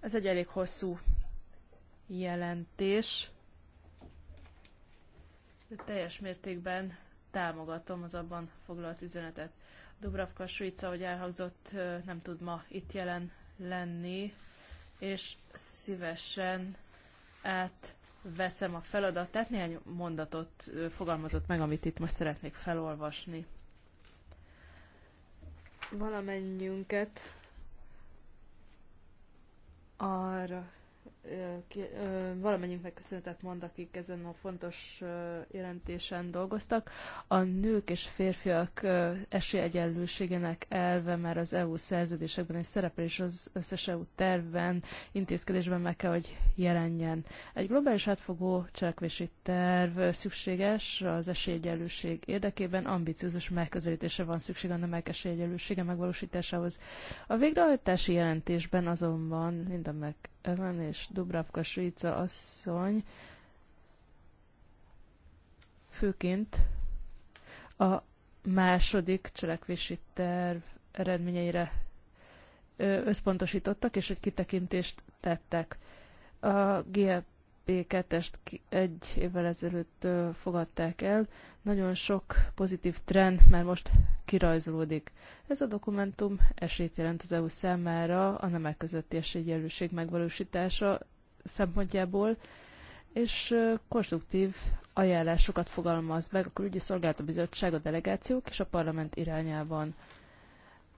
Ez egy elég hosszú jelentés. De teljes mértékben támogatom az abban foglalt üzenetet. Dubravka Svica, ahogy elhangzott, nem tud ma itt jelen lenni, és szívesen átveszem a feladatát. Néhány mondatot fogalmazott meg, amit itt most szeretnék felolvasni. Valamennyünket arra valamennyiünknek megköszönetet mond, akik ezen a fontos jelentésen dolgoztak. A nők és férfiak esélyegyenlőségének elve már az EU szerződésekben és szerepel, és az összes EU tervben, intézkedésben meg kell, hogy jelenjen. Egy globális átfogó cselekvési terv szükséges az esélyegyenlőség érdekében, ambiciózus megközelítése van szükség a nemek esélyegyenlősége megvalósításához. A végrehajtási jelentésben azonban a meg Evan és Dubravka Svica asszony főként a második cselekvési terv eredményeire összpontosítottak, és egy kitekintést tettek. A GEP P2-est egy évvel ezelőtt fogadták el. Nagyon sok pozitív trend már most kirajzolódik. Ez a dokumentum esélyt jelent az EU számára a nemek közötti esélyegyenlőség megvalósítása szempontjából, és konstruktív ajánlásokat fogalmaz meg a külügyi szolgálat, a bizottság, a delegációk és a parlament irányában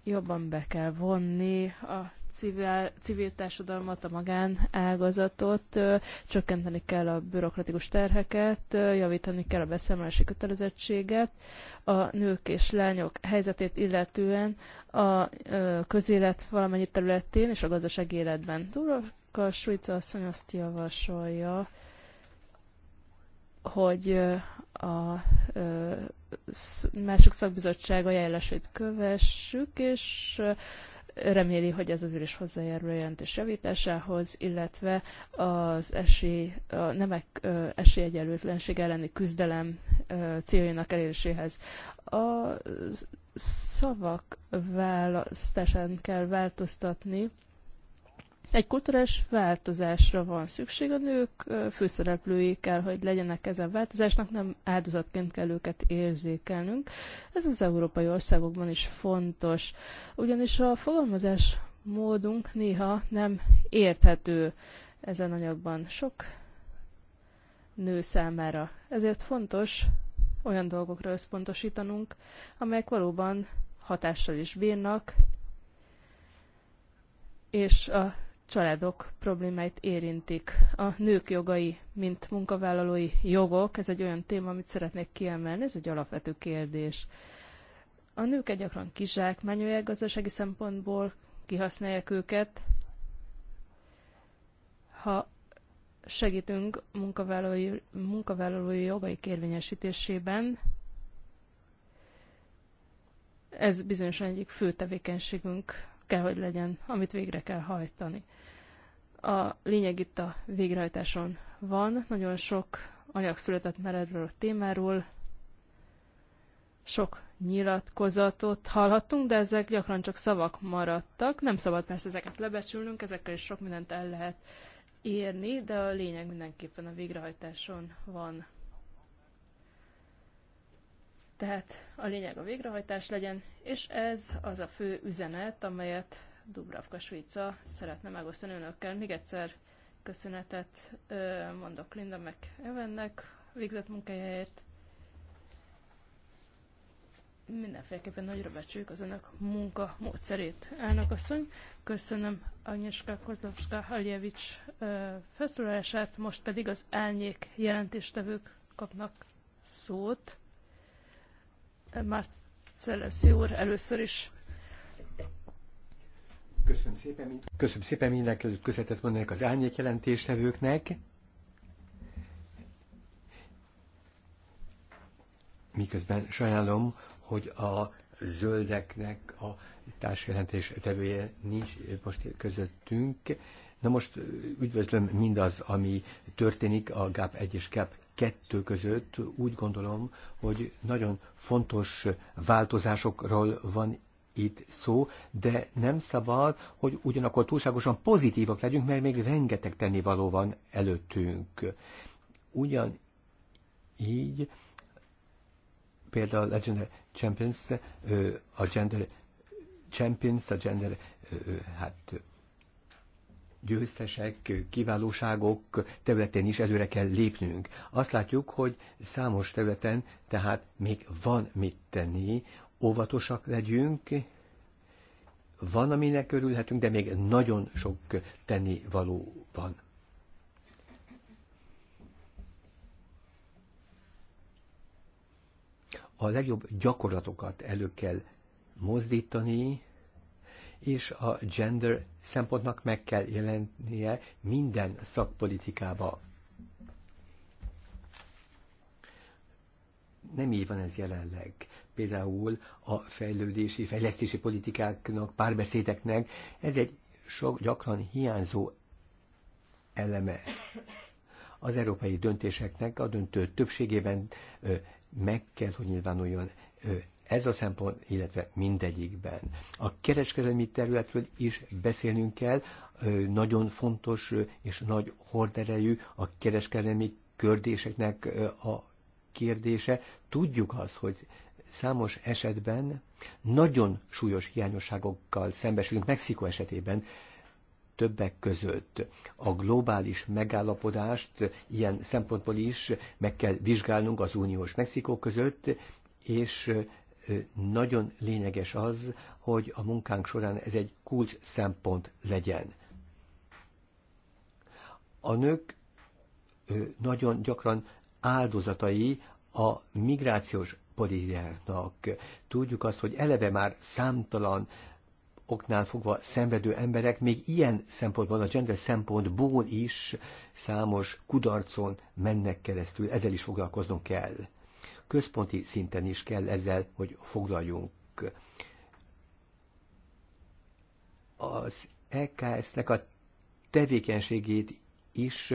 jobban be kell vonni a civil, civil társadalmat, a magánágazatot, csökkenteni kell a bürokratikus terheket, javítani kell a beszámolási kötelezettséget, a nők és lányok helyzetét illetően a közélet valamennyi területén és a gazdaság életben. Duraka Svica asszony azt javasolja, hogy a másik szakbizottság ajánlásait kövessük, és reméli, hogy ez az ülés hozzájárul a jelentés javításához, illetve az esély, a nemek esélyegyelőtlenség elleni küzdelem céljainak eléréséhez. A szavak választásán kell változtatni, egy kulturális változásra van szükség, a nők főszereplői kell, hogy legyenek ezen változásnak, nem áldozatként kell őket érzékelnünk. Ez az európai országokban is fontos, ugyanis a fogalmazás módunk néha nem érthető ezen anyagban sok nő számára. Ezért fontos olyan dolgokra összpontosítanunk, amelyek valóban hatással is bírnak, és a családok problémáit érintik. A nők jogai, mint munkavállalói jogok, ez egy olyan téma, amit szeretnék kiemelni, ez egy alapvető kérdés. A nők gyakran kizsákmányolják gazdasági szempontból, kihasználják őket. Ha segítünk munkavállalói, munkavállalói jogai érvényesítésében, ez bizonyosan egyik fő tevékenységünk kell, hogy legyen, amit végre kell hajtani. A lényeg itt a végrehajtáson van. Nagyon sok anyag született már erről a témáról. Sok nyilatkozatot hallhattunk, de ezek gyakran csak szavak maradtak. Nem szabad persze ezeket lebecsülnünk, ezekkel is sok mindent el lehet érni, de a lényeg mindenképpen a végrehajtáson van. Tehát a lényeg a végrehajtás legyen, és ez az a fő üzenet, amelyet Dubravka Svica szeretne megosztani önökkel. Még egyszer köszönetet mondok Linda meg Evennek végzett munkájáért. Mindenféleképpen nagyra becsüljük az önök munka módszerét. Elnök asszony, köszönöm Agnieszka Kozlovska Haljevics felszólalását, most pedig az elnyék jelentéstevők kapnak szót. Marcellesi úr először is. Köszönöm szépen, köszönöm szépen előtt köszönetet mondanak az árnyék jelentéstevőknek. Miközben sajnálom, hogy a zöldeknek a társjelentés tevője nincs most közöttünk. Na most üdvözlöm mindaz, ami történik a GAP 1 és GAP kettő között úgy gondolom, hogy nagyon fontos változásokról van itt szó, de nem szabad, hogy ugyanakkor túlságosan pozitívak legyünk, mert még rengeteg tennivaló van előttünk. Ugyan így például a Gender Champions, a Gender Champions, a Gender hát győztesek, kiválóságok területén is előre kell lépnünk. Azt látjuk, hogy számos területen tehát még van mit tenni, óvatosak legyünk, van, aminek örülhetünk, de még nagyon sok tenni való van. A legjobb gyakorlatokat elő kell mozdítani, és a gender szempontnak meg kell jelennie minden szakpolitikába. Nem így van ez jelenleg. Például a fejlődési, fejlesztési politikáknak, párbeszédeknek ez egy sok gyakran hiányzó eleme. Az európai döntéseknek a döntő többségében ö, meg kell, hogy nyilvánuljon ö, ez a szempont, illetve mindegyikben. A kereskedelmi területről is beszélnünk kell, nagyon fontos és nagy horderejű a kereskedelmi kördéseknek a kérdése. Tudjuk azt, hogy számos esetben nagyon súlyos hiányosságokkal szembesülünk Mexikó esetében, többek között a globális megállapodást ilyen szempontból is meg kell vizsgálnunk az Uniós Mexikó között, és nagyon lényeges az, hogy a munkánk során ez egy kulcs szempont legyen. A nők nagyon gyakran áldozatai a migrációs politikának. Tudjuk azt, hogy eleve már számtalan oknál fogva szenvedő emberek még ilyen szempontból, a gender szempontból is számos kudarcon mennek keresztül. Ezzel is foglalkoznunk kell központi szinten is kell ezzel, hogy foglaljunk. Az EKS-nek a tevékenységét is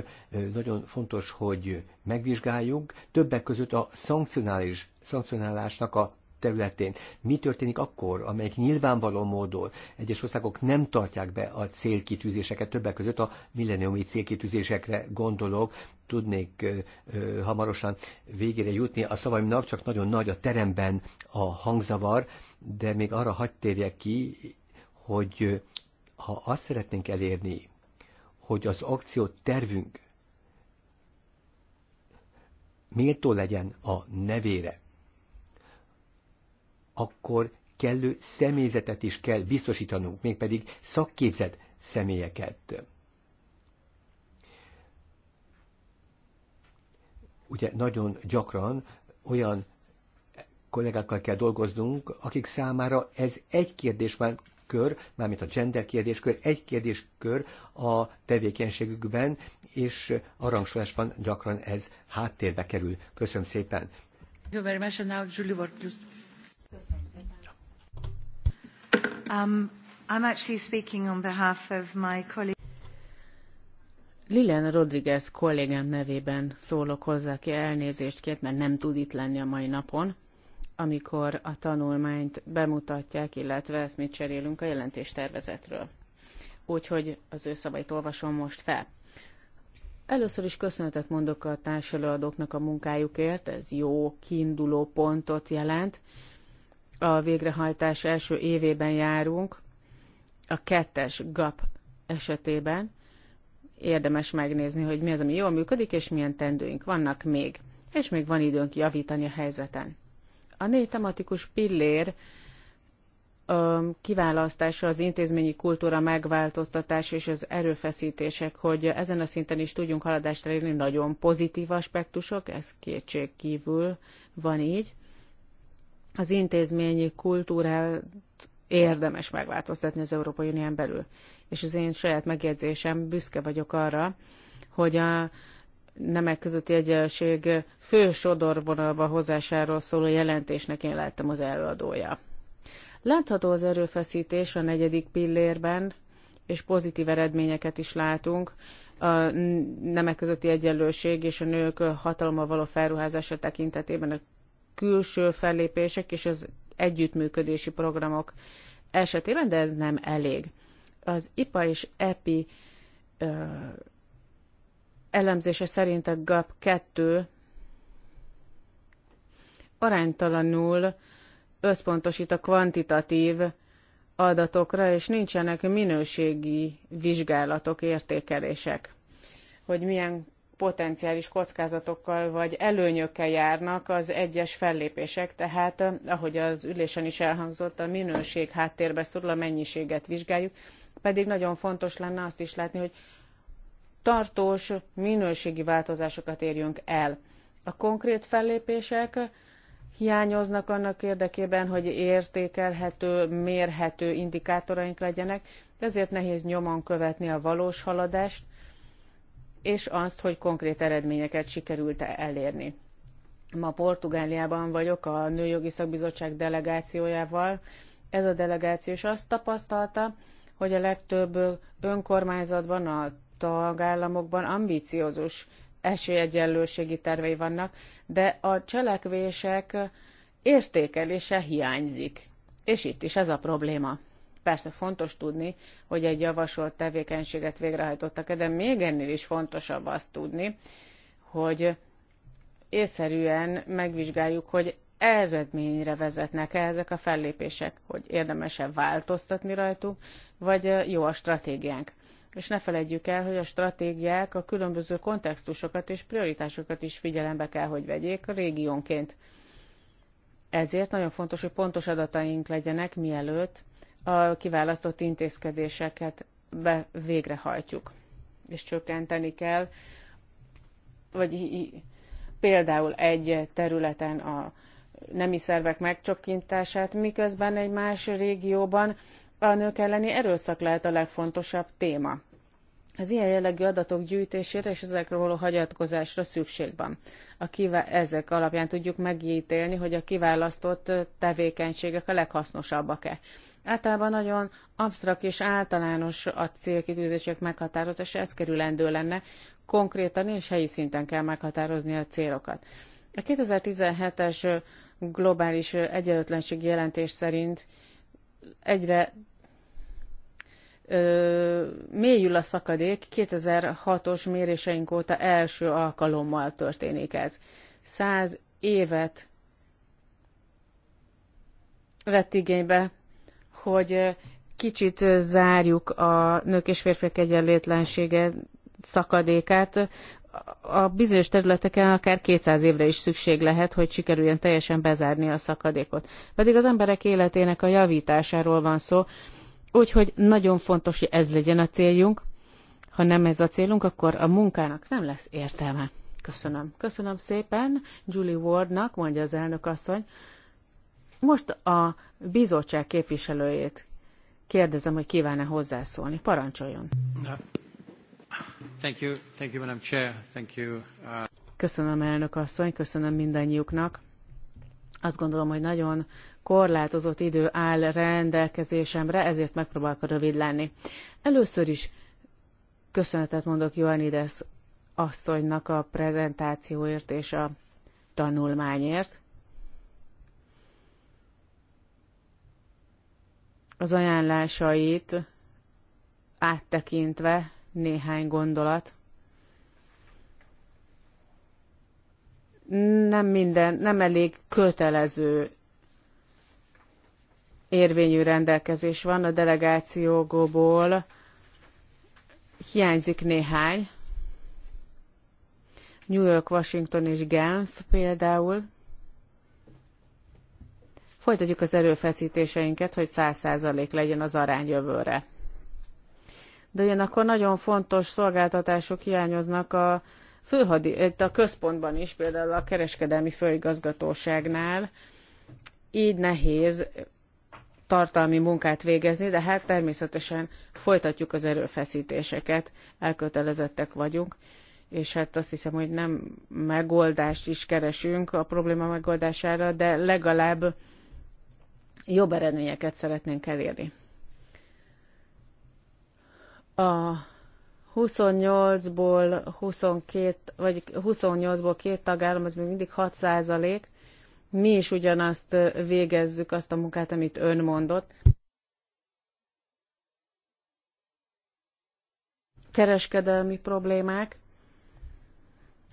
nagyon fontos, hogy megvizsgáljuk, többek között a szankcionális, szankcionálásnak a területén. Mi történik akkor, amelyik nyilvánvaló módon egyes országok nem tartják be a célkitűzéseket, többek között a milleniumi célkitűzésekre gondolok, tudnék ö, hamarosan végére jutni a szavaimnak, csak nagyon nagy a teremben a hangzavar, de még arra hagy térjek ki, hogy ha azt szeretnénk elérni, hogy az akció tervünk méltó legyen a nevére, akkor kellő személyzetet is kell biztosítanunk, mégpedig szakképzett személyeket. Ugye nagyon gyakran olyan kollégákkal kell dolgoznunk, akik számára ez egy kérdés már kör, mármint a gender kérdéskör, egy kérdéskör a tevékenységükben, és a rangsorásban gyakran ez háttérbe kerül. Köszönöm szépen. Köszönöm, Um, I'm actually speaking on behalf of my colleague. Lilian Rodriguez kollégám nevében szólok hozzá aki elnézést kért, mert nem tud itt lenni a mai napon, amikor a tanulmányt bemutatják, illetve ezt mit cserélünk a jelentéstervezetről. Úgyhogy az ő szavait olvasom most fel. Először is köszönetet mondok a társelőadóknak a munkájukért, ez jó kiinduló pontot jelent, a végrehajtás első évében járunk, a kettes GAP esetében érdemes megnézni, hogy mi az, ami jól működik, és milyen tendőink vannak még. És még van időnk javítani a helyzeten. A négy tematikus pillér kiválasztása, az intézményi kultúra megváltoztatás és az erőfeszítések, hogy ezen a szinten is tudjunk haladást elérni, nagyon pozitív aspektusok, ez kétség kívül van így az intézményi kultúrát érdemes megváltoztatni az Európai Unión belül. És az én saját megjegyzésem, büszke vagyok arra, hogy a nemek közötti egyenlőség fő sodorvonalba hozásáról szóló jelentésnek én lettem az előadója. Látható az erőfeszítés a negyedik pillérben, és pozitív eredményeket is látunk. A nemek közötti egyenlőség és a nők hatalommal való felruházása tekintetében a külső fellépések és az együttműködési programok esetében, de ez nem elég. Az IPA és EPI ö, elemzése szerint a GAP 2 aránytalanul összpontosít a kvantitatív adatokra, és nincsenek minőségi vizsgálatok, értékelések, hogy milyen potenciális kockázatokkal vagy előnyökkel járnak az egyes fellépések, tehát ahogy az ülésen is elhangzott, a minőség háttérbe szorul, a mennyiséget vizsgáljuk, pedig nagyon fontos lenne azt is látni, hogy tartós minőségi változásokat érjünk el. A konkrét fellépések hiányoznak annak érdekében, hogy értékelhető, mérhető indikátoraink legyenek, ezért nehéz nyomon követni a valós haladást, és azt, hogy konkrét eredményeket sikerült -e elérni. Ma Portugáliában vagyok a Nőjogi Szakbizottság delegációjával. Ez a delegáció is azt tapasztalta, hogy a legtöbb önkormányzatban, a tagállamokban ambiciózus esélyegyenlőségi tervei vannak, de a cselekvések értékelése hiányzik. És itt is ez a probléma. Persze fontos tudni, hogy egy javasolt tevékenységet végrehajtottak, de még ennél is fontosabb azt tudni, hogy észszerűen megvizsgáljuk, hogy eredményre vezetnek-e ezek a fellépések, hogy érdemesebb változtatni rajtuk, vagy jó a stratégiánk. És ne felejtjük el, hogy a stratégiák a különböző kontextusokat és prioritásokat is figyelembe kell, hogy vegyék régiónként. Ezért nagyon fontos, hogy pontos adataink legyenek, mielőtt a kiválasztott intézkedéseket be végrehajtjuk. És csökkenteni kell, vagy például egy területen a nemi szervek megcsokkintását, miközben egy más régióban a nők elleni erőszak lehet a legfontosabb téma. Az ilyen jellegű adatok gyűjtésére és ezekről való hagyatkozásra szükség van. A kivá- ezek alapján tudjuk megítélni, hogy a kiválasztott tevékenységek a leghasznosabbak-e. Általában nagyon absztrakt és általános a célkitűzések meghatározása, ez kerülendő lenne. Konkrétan és helyi szinten kell meghatározni a célokat. A 2017-es globális egyenlőtlenségi jelentés szerint egyre ö, mélyül a szakadék, 2006-os méréseink óta első alkalommal történik ez. Száz évet vett igénybe hogy kicsit zárjuk a nők és férfiak egyenlétlensége szakadékát. A bizonyos területeken akár 200 évre is szükség lehet, hogy sikerüljön teljesen bezárni a szakadékot. Pedig az emberek életének a javításáról van szó, úgyhogy nagyon fontos, hogy ez legyen a céljunk. Ha nem ez a célunk, akkor a munkának nem lesz értelme. Köszönöm. Köszönöm szépen Julie Wardnak, mondja az elnök asszony. Most a bizottság képviselőjét kérdezem, hogy kíván-e hozzászólni. Parancsoljon. Thank you, thank you, Madam Chair. Thank you. Uh... Köszönöm, elnök asszony, köszönöm mindannyiuknak. Azt gondolom, hogy nagyon korlátozott idő áll rendelkezésemre, ezért megpróbálok rövid lenni. Először is köszönetet mondok Joannides asszonynak a prezentációért és a tanulmányért. az ajánlásait áttekintve néhány gondolat. Nem minden, nem elég kötelező érvényű rendelkezés van a delegációból, hiányzik néhány. New York, Washington és Genf például. Folytatjuk az erőfeszítéseinket, hogy 100% legyen az arány jövőre. De ugyanakkor nagyon fontos szolgáltatások hiányoznak a főhadi, a központban is, például a kereskedelmi főigazgatóságnál, így nehéz tartalmi munkát végezni, de hát természetesen folytatjuk az erőfeszítéseket, elkötelezettek vagyunk, és hát azt hiszem, hogy nem megoldást is keresünk a probléma megoldására, de legalább jobb eredményeket szeretnénk elérni. A 28-ból 22, vagy 28-ból két tagállam, az még mindig 6 százalék. Mi is ugyanazt végezzük, azt a munkát, amit ön mondott. Kereskedelmi problémák.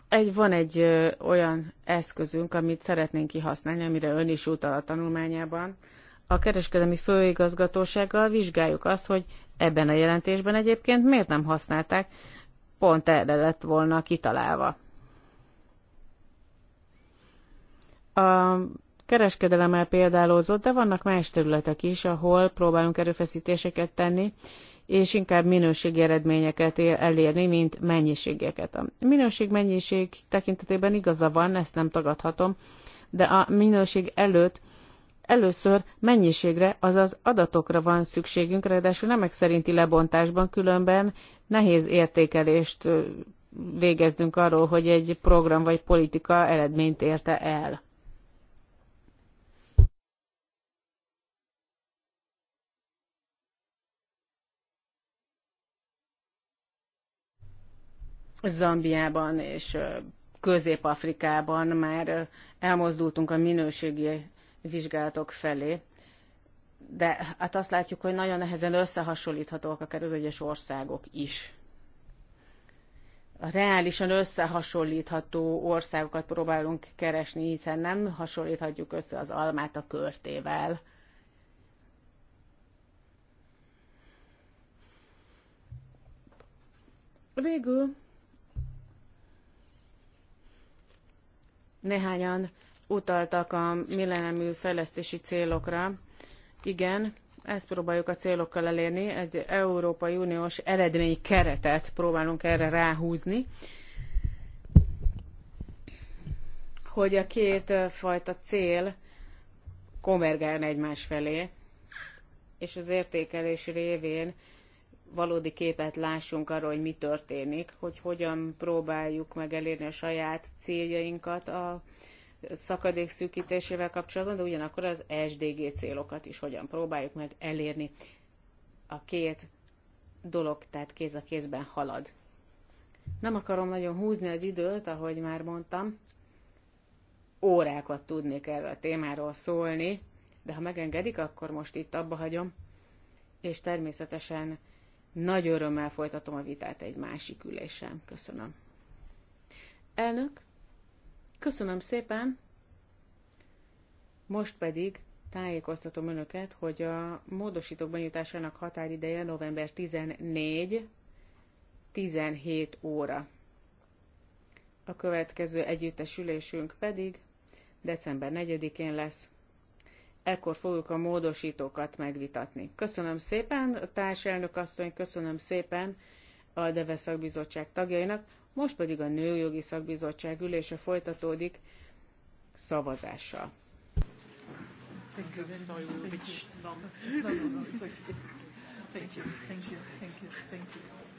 Egy, van egy ö, olyan eszközünk, amit szeretnénk kihasználni, amire ön is utal a tanulmányában, a kereskedelmi főigazgatósággal vizsgáljuk azt, hogy ebben a jelentésben egyébként miért nem használták, pont erre lett volna kitalálva. A kereskedelemmel példálózott, de vannak más területek is, ahol próbálunk erőfeszítéseket tenni, és inkább minőségi eredményeket elérni, mint mennyiségeket. A minőség-mennyiség tekintetében igaza van, ezt nem tagadhatom, de a minőség előtt Először mennyiségre, azaz adatokra van szükségünk, ráadásul nemek szerinti lebontásban, különben nehéz értékelést végezdünk arról, hogy egy program vagy politika eredményt érte el. Zambiában és Közép-Afrikában már elmozdultunk a minőségi vizsgálatok felé. De hát azt látjuk, hogy nagyon nehezen összehasonlíthatóak akár az egyes országok is. A reálisan összehasonlítható országokat próbálunk keresni, hiszen nem hasonlíthatjuk össze az almát a körtével. Végül néhányan utaltak a millenemű fejlesztési célokra. Igen, ezt próbáljuk a célokkal elérni, egy Európai Uniós eredmény keretet próbálunk erre ráhúzni, hogy a két fajta cél konvergálna egymás felé, és az értékelés révén valódi képet lássunk arról, hogy mi történik, hogy hogyan próbáljuk meg elérni a saját céljainkat a szakadék szűkítésével kapcsolatban, de ugyanakkor az SDG célokat is hogyan próbáljuk meg elérni. A két dolog, tehát kéz a kézben halad. Nem akarom nagyon húzni az időt, ahogy már mondtam. Órákat tudnék erről a témáról szólni, de ha megengedik, akkor most itt abba hagyom. És természetesen nagy örömmel folytatom a vitát egy másik ülésen. Köszönöm. Elnök, Köszönöm szépen! Most pedig tájékoztatom Önöket, hogy a módosítók benyújtásának határideje november 14, 17 óra. A következő együttesülésünk pedig december 4-én lesz. Ekkor fogjuk a módosítókat megvitatni. Köszönöm szépen, társelnök asszony, köszönöm szépen a Deveszak Bizottság tagjainak. Most pedig a Nőjogi Szakbizottság ülése folytatódik szavazással. Thank you Thank you, thank you, thank you, thank you.